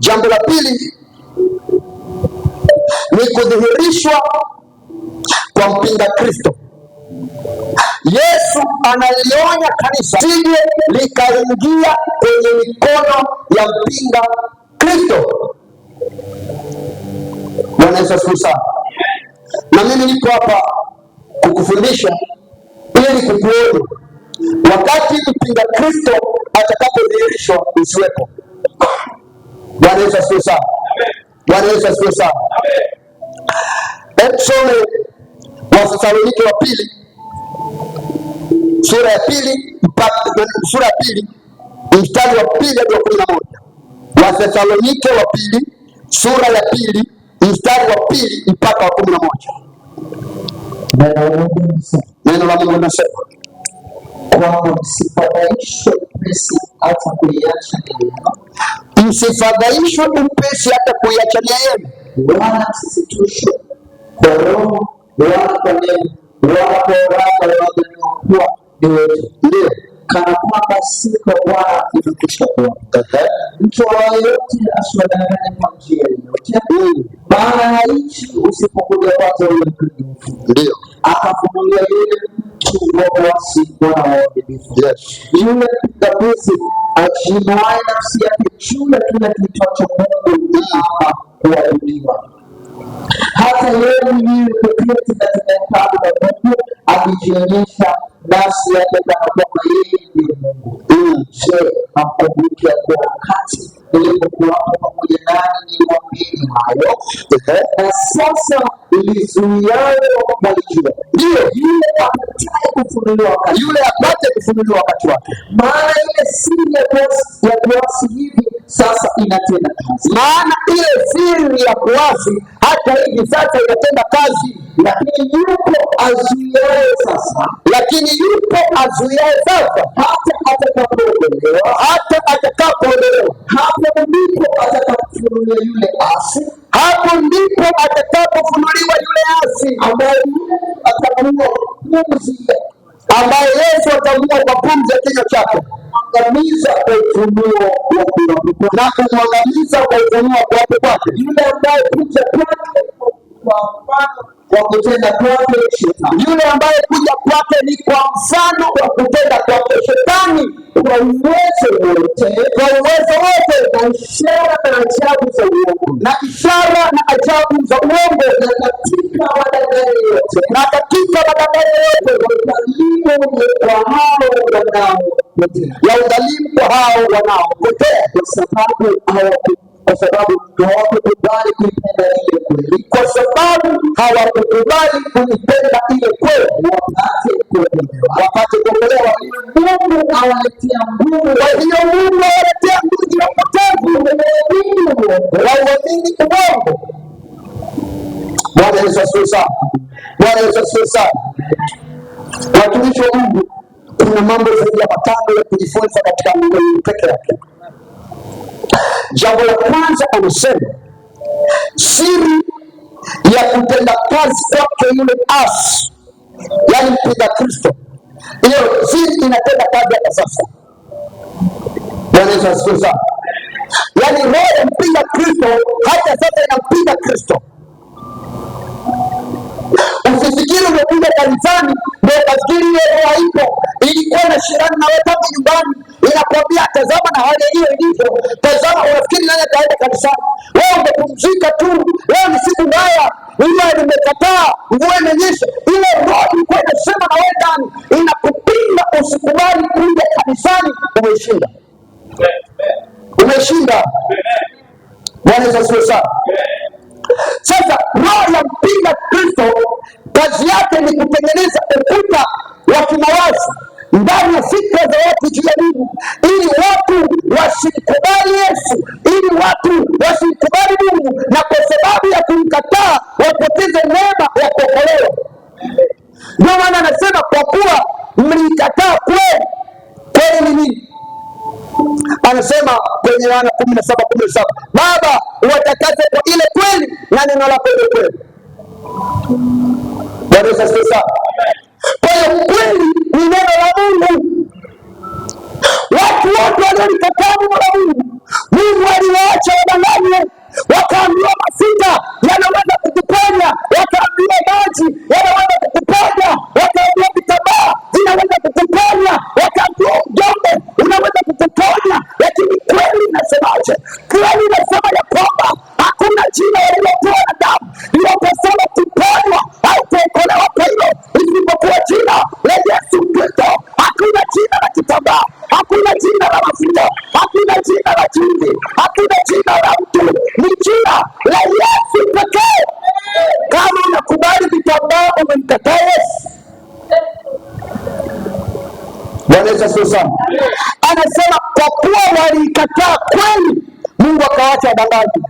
Jambo la pili ni kudhihirishwa kwa mpinga Kristo. Yesu analionya kanisa sije likaingia kwenye mikono ya mpinga Kristo. Bwana Yesu asifiwe sana. Na mimi nipo hapa kukufundisha ili kukuonya wakati mpinga Kristo atakapodhihirishwa usiwepo. Bwana Yesu asifiwe sana. Bwana Yesu asifiwe sana. Tusome Wathesalonike wa pili sura ya pili sura ya pili mstari wa pili hadi wa kumi na moja. Wathesalonike wa pili sura ya pili mstari wa pili mpaka wa kumi na moja. Neno la Mungu linasema quando se msifadhaishwe upesi hata kuiacha neema, wala msisitishwe kwa roho wala kwa neno wala kwa waraka unaodhaniwa kuwa ni wetu. Ndio basi kwa kufikisha kuamka. Mtu yeyote asiwadanganye kwa njia yoyote, maana haishi usipokuja kwake yule mtumifu, ndio akafunulia yule mtu wa wasifu na waadilifu, yule mdabisi ajinuaye nafsi yake juu ya kile kiitwacho Mungu ama kuabudiwa hata yeye mwenyewe kuketi katika hekalu Mungu akijionyesha nafsi yake kana kwamba yeye ndiye Mungu. Je, hamkumbuki ya kuwa wakati nilipokuwapo pamoja nanyi niliwaambia hayo? Na sasa lizuiayo malikiwa, ndio yule apataye kufunuliwa wakati, yule apate kufunuliwa wakati wake, maana ile siri ya kuasi hivi sasa inatenda kazi maana ile siri ya kuasi hata hivi sasa inatenda kazi, lakini yupo azuiaye sasa, lakini yupo azuiaye sasa, hata atakapoondolewa, hata atakapoondolewa, hapo ndipo atakapofunuliwa yule asi, hapo ndipo atakapofunuliwa yule asi ambaye atamua pumzi, ambaye Yesu atamua kwa pumzi ya kinywa chake kumwangamiza kwa ufunuo wa kula na kumwangamiza kwa ufunuo kwake kwake, yule ambaye kuja kwake kwa mfano kwa kutenda kwake shetani. Yule ambaye kuja kwake ni kwa mfano wa kutenda kwake shetani, kwa uwezo wote, kwa uwezo wote, na ishara na ajabu za uongo, na ishara na ajabu za uongo, na katika wadadani wote, na katika wadadani wote, udhalimu kwa hao wanaopotea, ya udhalimu kwa hao wanaopotea, kwa sababu hawaku kwa sababu hawakukubali kuipenda ile kweli, kwa sababu hawakukubali kuipenda ile kweli, wapate kuokolewa, wapate kuokolewa. Mungu awaletea nguvu, kwa hiyo Mungu awaletea nguvu ya upotevu, waamini uongo, waamini uongo. Bwana Yesu asifiwe sana. Bwana Yesu asifiwe sana. Watumishi wa Mungu, kuna mambo zaidi ya matano ya kujifunza katika Mungu peke yake. Jambo la kwanza anasema siri ya kutenda kazi kwake yule asi, yaani mpinga Kristo. Hiyo siri inatenda kazi hata sasa. Bwana siku asifiwe sana. Yaani roho ya mpinga Kristo hata sasa inampinga Kristo. Usifikiri umekuja kanisani ndio kafikiri hiyo roho haipo, ilikuwa na shirani na wewe tangu nyumbani Ninakwambia tazama, na hali hiyo ilivyo. Tazama, unafikiri nani ataenda kanisani? Wewe umepumzika tu. Leo ni siku mbaya, ila limekataa mvua imenyesha, ile roho ilikuwa inasema na wewe ndani inakupinga usikubali kuja kanisani. Umeshinda, umeshinda. Bwana Yesu asifiwe sana. Sasa roho ya mpinga Kristo kazi yake ni kutengeneza ukuta wa kimawazo ndani ya fikra za watu juu ya dini, ili watu wasimkubali Yesu, ili watu wasimkubali Mungu, na kwa sababu ya kumkataa wapoteze neema ya kuokolewa. Ndio maana anasema kwa kuwa mliikataa kweli. Kweli ni nini? Anasema kwenye Yohana kumi na saba kumi na saba Baba, uwatakase kwa ile kweli, na neno lako ile kweli. Bwana Yesu asifiwe Kwa hiyo kweli ni neno watu waliolikataa Mungu. Mungu aliwaacha kuwa waliikataa kweli, Mungu akaacha wadangaji.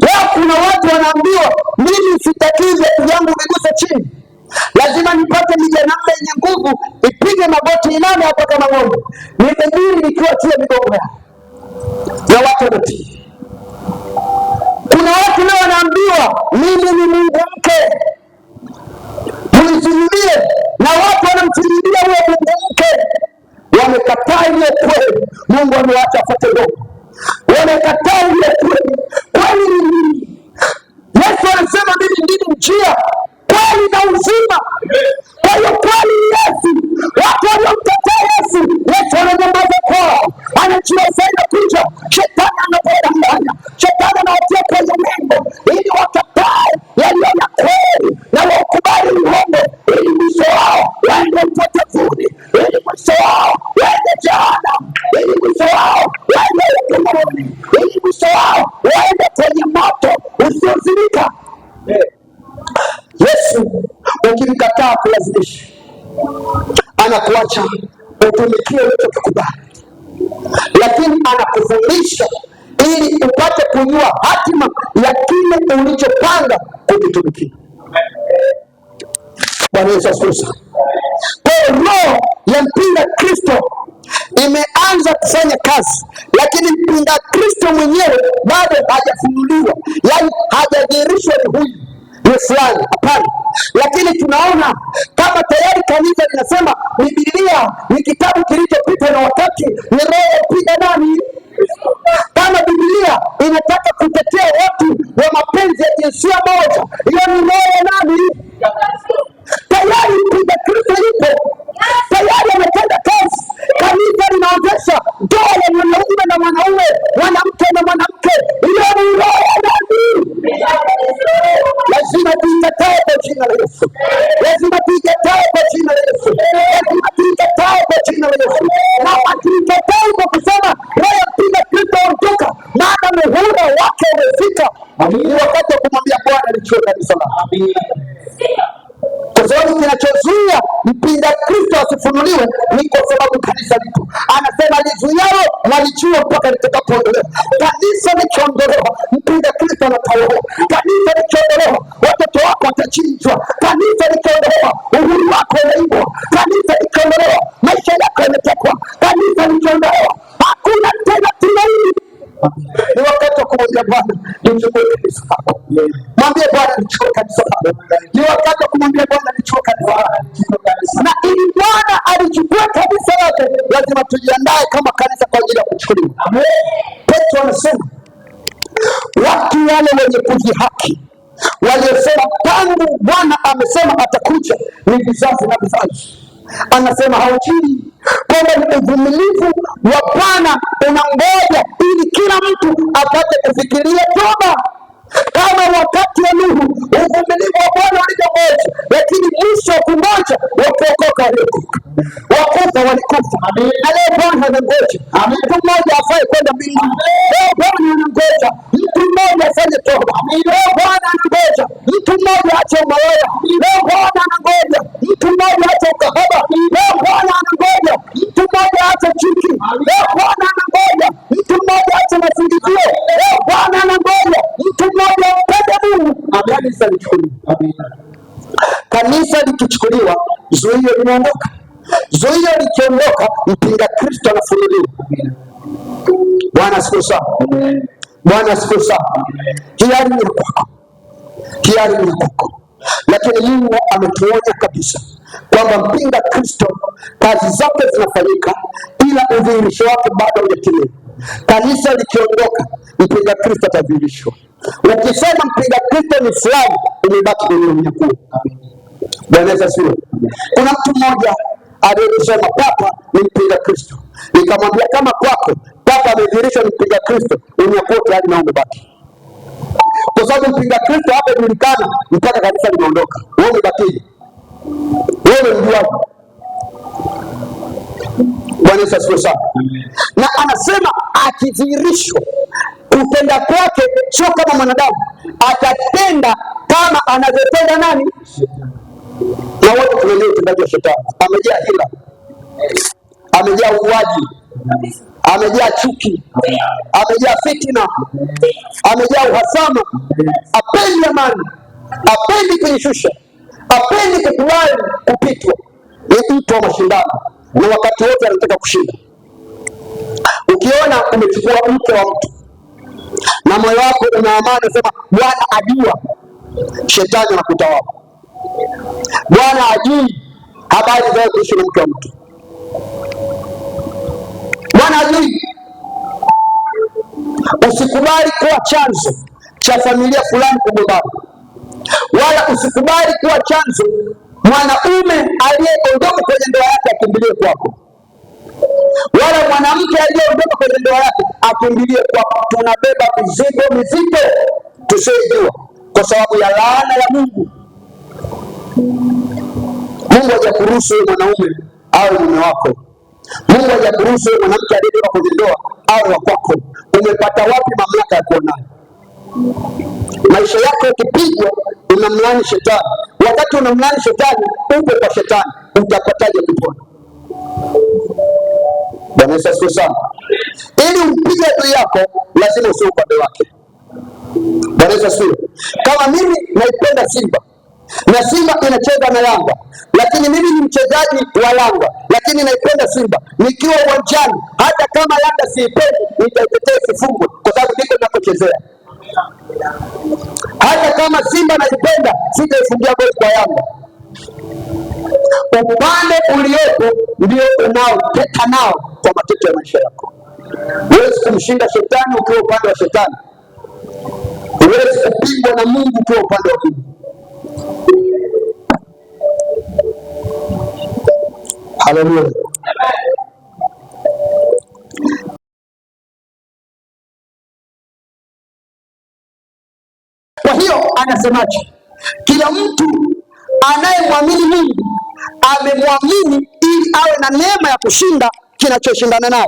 Leo kuna watu wanaambiwa, mimi sitakiwi viatu vyangu viguse chini, lazima nipate mijanamna yenye nguvu ipige magoti inane hapo kama ng'ombe, nimejiri nikiwa juu ya migongo ya watu wote. Kuna watu leo wanaambiwa, mimi ni Mungu mke, mnisujudie, na watu wanamsujudia huyo Mungu mke, wamekataa ile Mungu ameacha afuate ndoa. kuacha utumikie ulichokikubali, lakini anakufundisha ili upate kujua hatima ya kile ulichopanga kukitumikia. Bwana Yesu asifiwe. Kwa roho ya mpinga Kristo imeanza kufanya kazi, lakini mpinga Kristo mwenyewe bado hajafunuliwa, yaani hajadhihirishwa ni huyu ni fulani, hapana. Lakini tunaona kanisa linasema Biblia ni kitabu kilichopita na wakati, ni roho walizuialo walijua mpaka litakapoondolewa. Kanisa likiondolewa, mpinga Kristo anatawaliwa. Kanisa likiondolewa, watoto wako watachinjwa. Kanisa likiondolewa, uhuru wako unaibwa. Kanisa likiondolewa, maisha yako yametekwa. Kanisa likiondolewa, hakuna tena tumaini. Ni wakati wa kumwambia Bwana nichukue kanisa lako. Mwambie Bwana nichukue kanisa lako. Ni wakati wa kumwambia Bwana nichukue kanisa lako. Na ili Bwana alichukua lazima tujiandae kama kanisa kwa ajili ya kuchukuliwa. Petro anasema watu wale wenye kujihaki waliosema tangu Bwana amesema atakuja ni vizazi na vizazi, anasema haujiri kwamba ni uvumilivu wa Bwana unangoja ili kila mtu apate kufikiria toba. mwanamgoja, mtu mmoja afai kwenda mbinguni. Leo Bwana anangoja mtu mmoja afanye toba. Leo Bwana anangoja mtu mmoja Leo Bwana anangoja mtu mmoja ukahaba. Leo Bwana anangoja mtu mmoja chuki. Leo Bwana anangoja mtu mmoja masingizio. Leo Bwana anangoja mtu mmoja Mungu. Kanisa likichukuliwa, kanisa likichukuliwa, zuio linaondoka, zuio ya Kristo anafunuliwa. Bwana siku saa Bwana siku sa Hiari ni kwako, hiari ni kwako, lakini Mungu ametuonya kabisa kwamba mpinga Kristo kazi zake zinafanyika, ila udhihirisho wake bado hujatimia. Kanisa likiondoka, mpinga Kristo atadhihirishwa. Ukisema mpinga Kristo ni fulani, umebaki kwenye unyakuo. Bwana asifiwe. Kuna mtu mmoja aliyenisema papa ni mpinga Kristo. Nikamwambia kama kwako papa amedhihirishwa ni mpinga Kristo, unyakuwa tayari na umebaki, kwa sababu mpinga Kristo hapa julikana mpaka kanisa limeondoka. Wewe umebakije? Wewe mjuaji. Bwana Yesu asifiwe sana. Na anasema akidhihirishwa, kutenda kwake sio kama mwanadamu, atatenda kama anavyotenda nani? na wote tunajua utendaji wa shetani, amejaa hila, amejaa uuaji, amejaa chuki, amejaa fitina, amejaa uhasama. Apendi amani, apendi kujishusha, apendi kukubali kupitwa. Ni mtu wa mashindano na wakati wote anataka kushinda. Ukiona umechukua mke wa mtu na moyo wako una amani, sema Bwana ajua, shetani anakutawala Bwana ajui habari za kuishi na mke wa mtu. Bwana ajui. Usikubali kuwa chanzo cha familia fulani kugombana, wala usikubali kuwa chanzo mwanaume aliyeondoka kwenye ndoa yake akimbilie kwako, wala mwanamke aliyeondoka kwenye ndoa yake akimbilie kwako. Tunabeba mizigo mizito tusioijua kwa sababu ya laana ya Mungu Mungu hajakuruhusu mwanaume au mume wako. Mungu hajakuruhusu mwanamke aliyetoka kwenye ndoa au wa kwako. Umepata wapi mamlaka ya kuwa Maisha yako ukipigwa, unamlani shetani. Wakati unamlani shetani, upo kwa shetani, utapataje kupona? Bwana Yesu asifiwe sana. Ili umpige adui yako, lazima usio upande wake. Bwana Yesu asifiwe. Kama mimi naipenda Simba na Simba inacheza na Yanga, lakini mimi ni mchezaji wa Yanga, lakini naipenda Simba. Nikiwa uwanjani, hata kama Yanga siipendi, nitaitetea sifungu kwa sababu ndiko ninapochezea. Hata kama Simba naipenda, sitaifungia goli kwa Yanga. Upande uliopo ndio unaoteta nao kwa mateto ya maisha yako. Huwezi kumshinda shetani ukiwa upande wa shetani, huwezi kupingwa na Mungu ukiwa upande wa Mungu. Haleluya. Kwa hiyo anasemaje? Kila mtu anayemwamini Mungu amemwamini ili awe na neema ya kushinda kinachoshindana naye,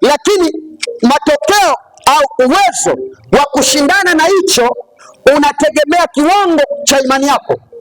lakini matokeo au uwezo wa kushindana na hicho unategemea kiwango cha imani yako.